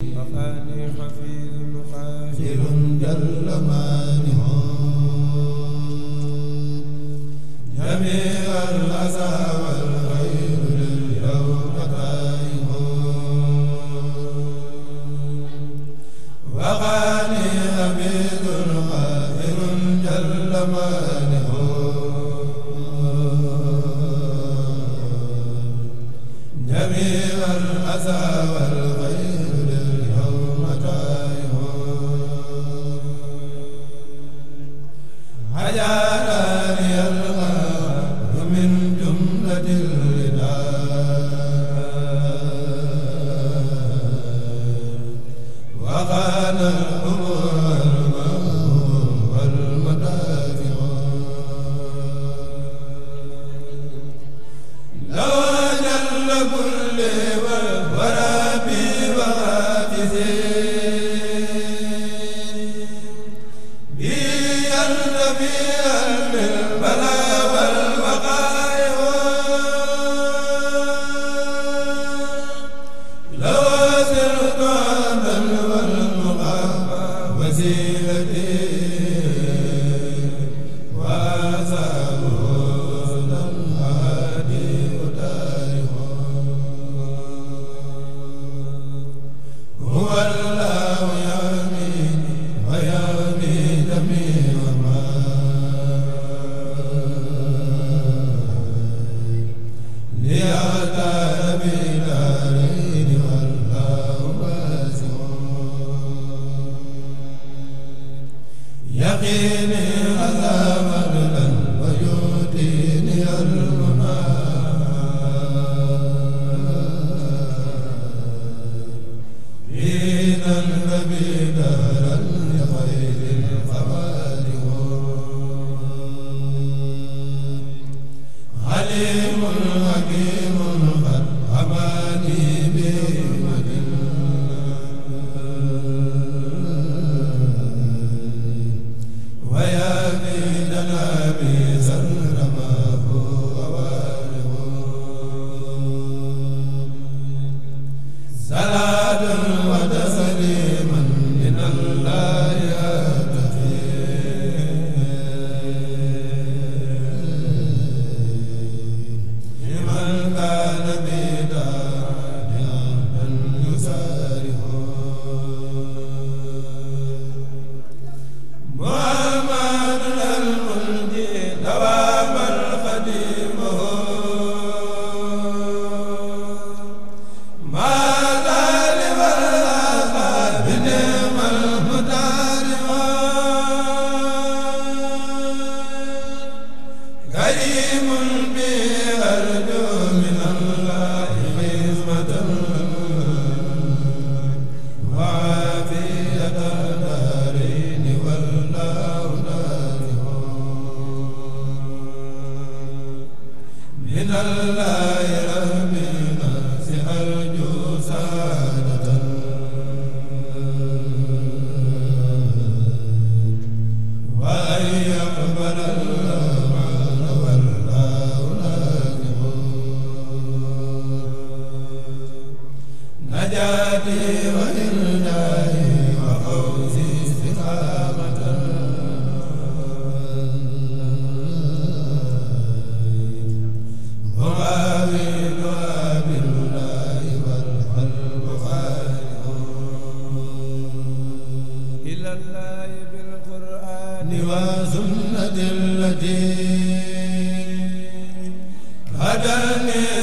Jamii al-azhar yaa ala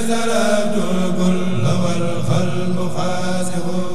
ضربت الكل والخلق خاسئ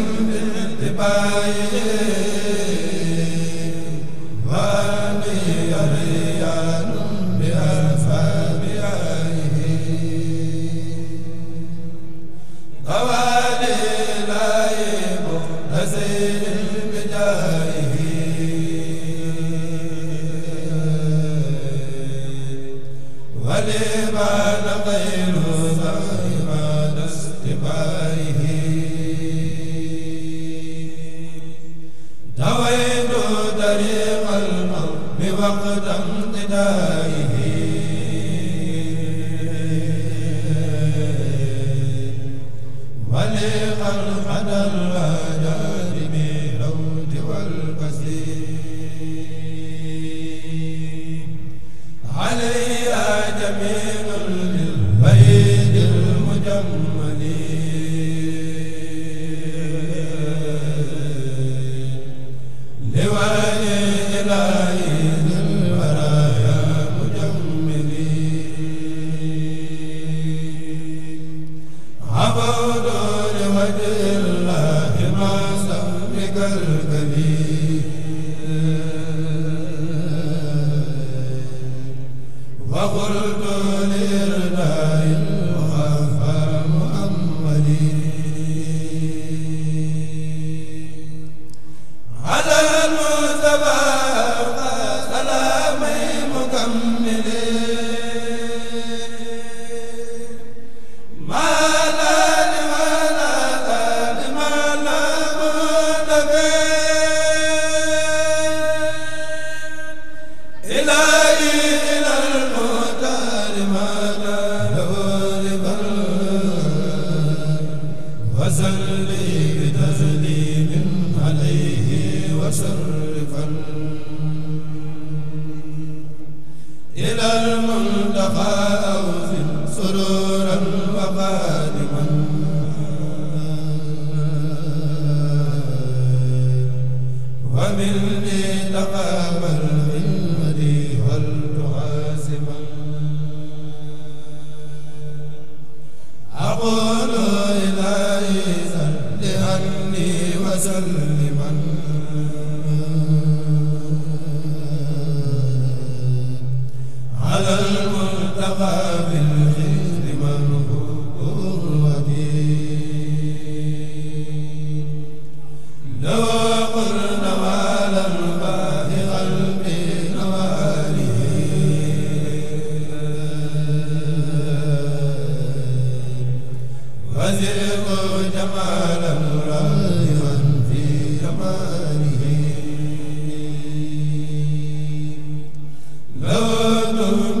وقت امتدائه amiin a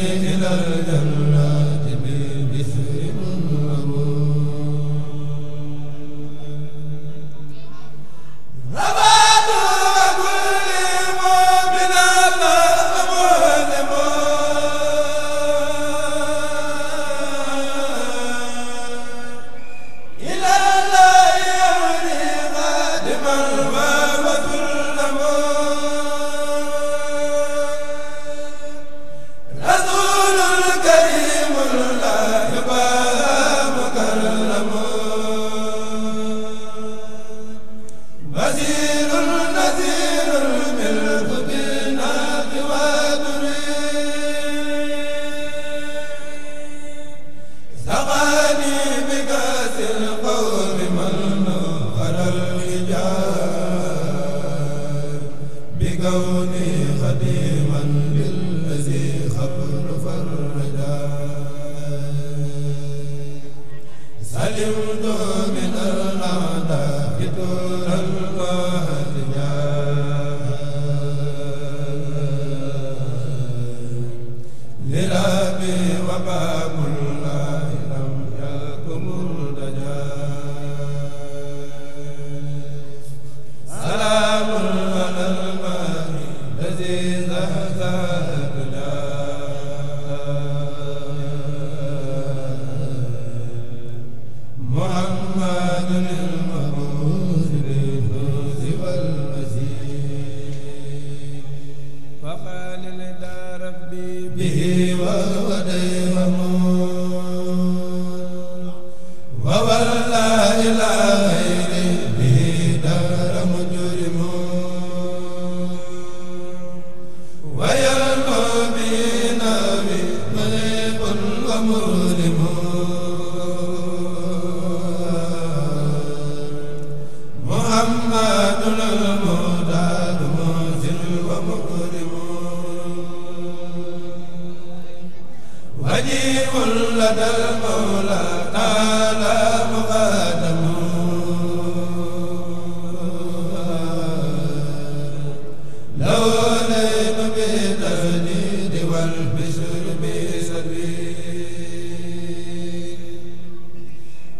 amiin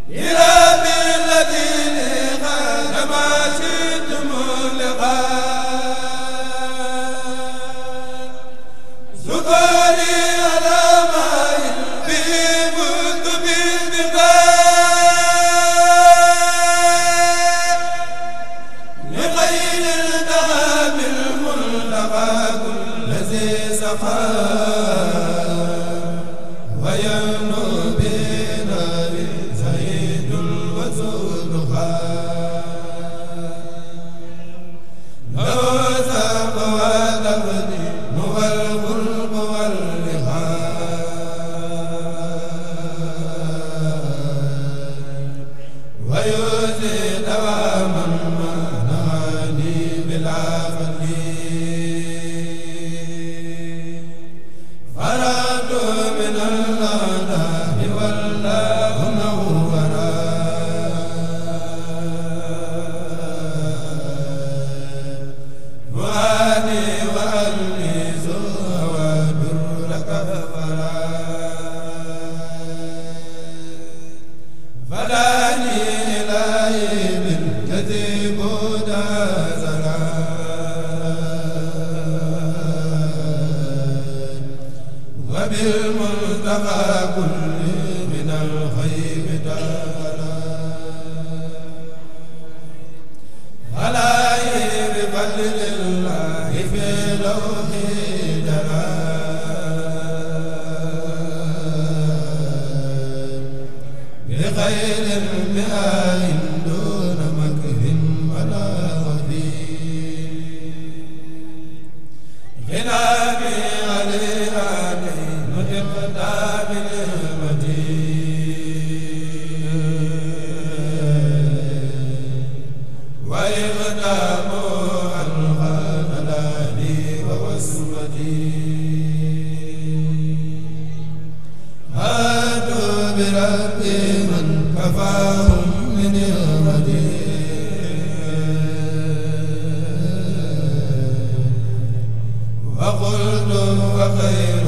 ila bil ladhi qad ma situm liqa لله في لوحه xayr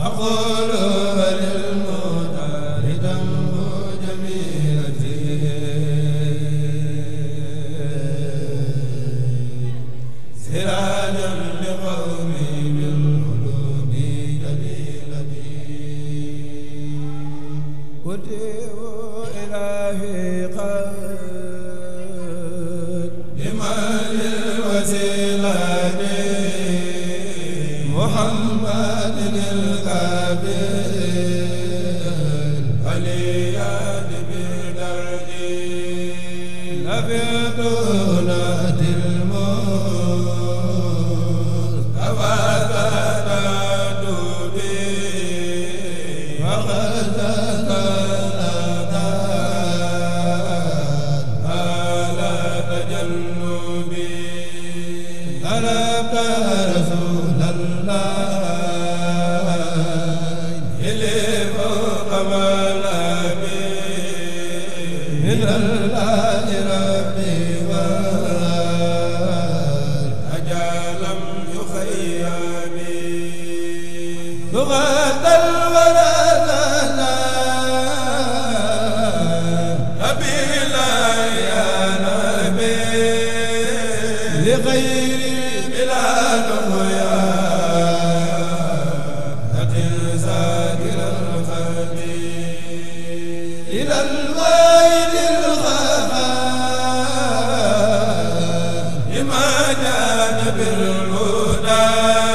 a كان بالهدى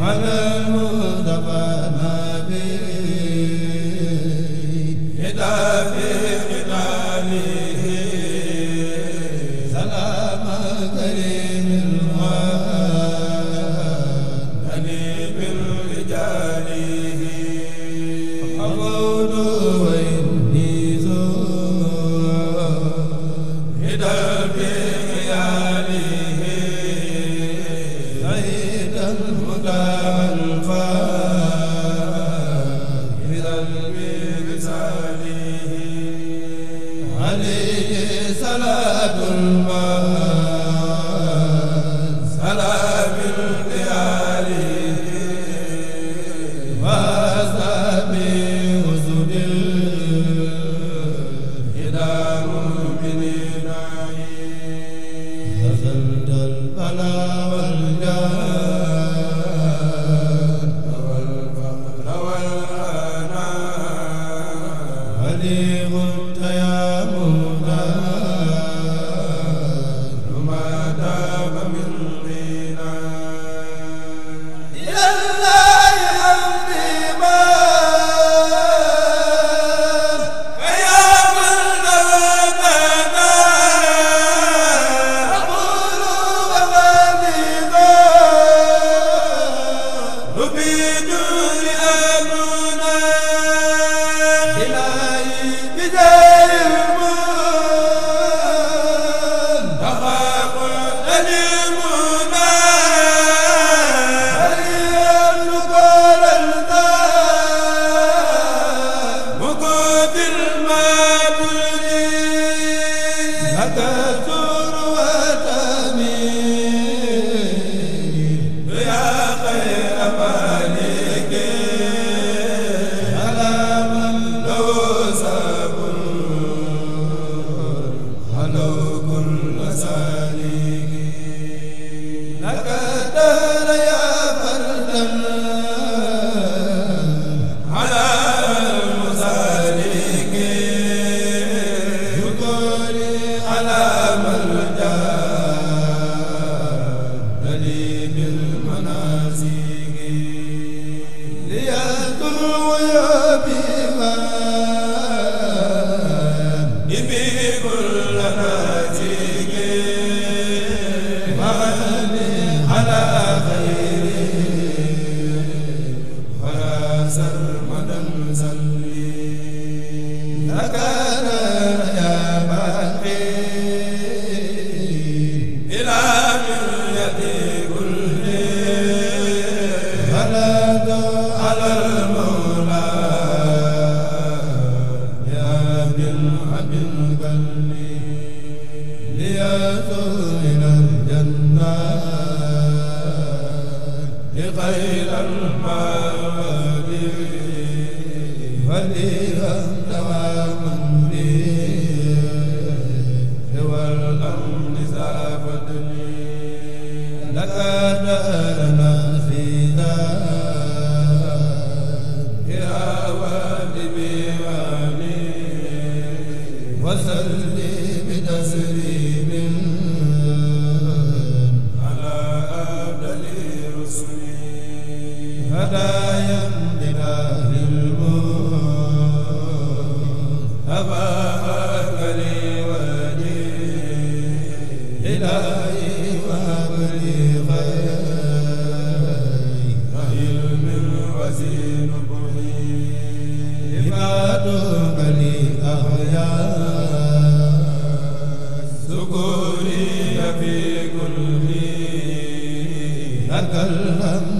ala منازله ليذكر ويبين la kàllam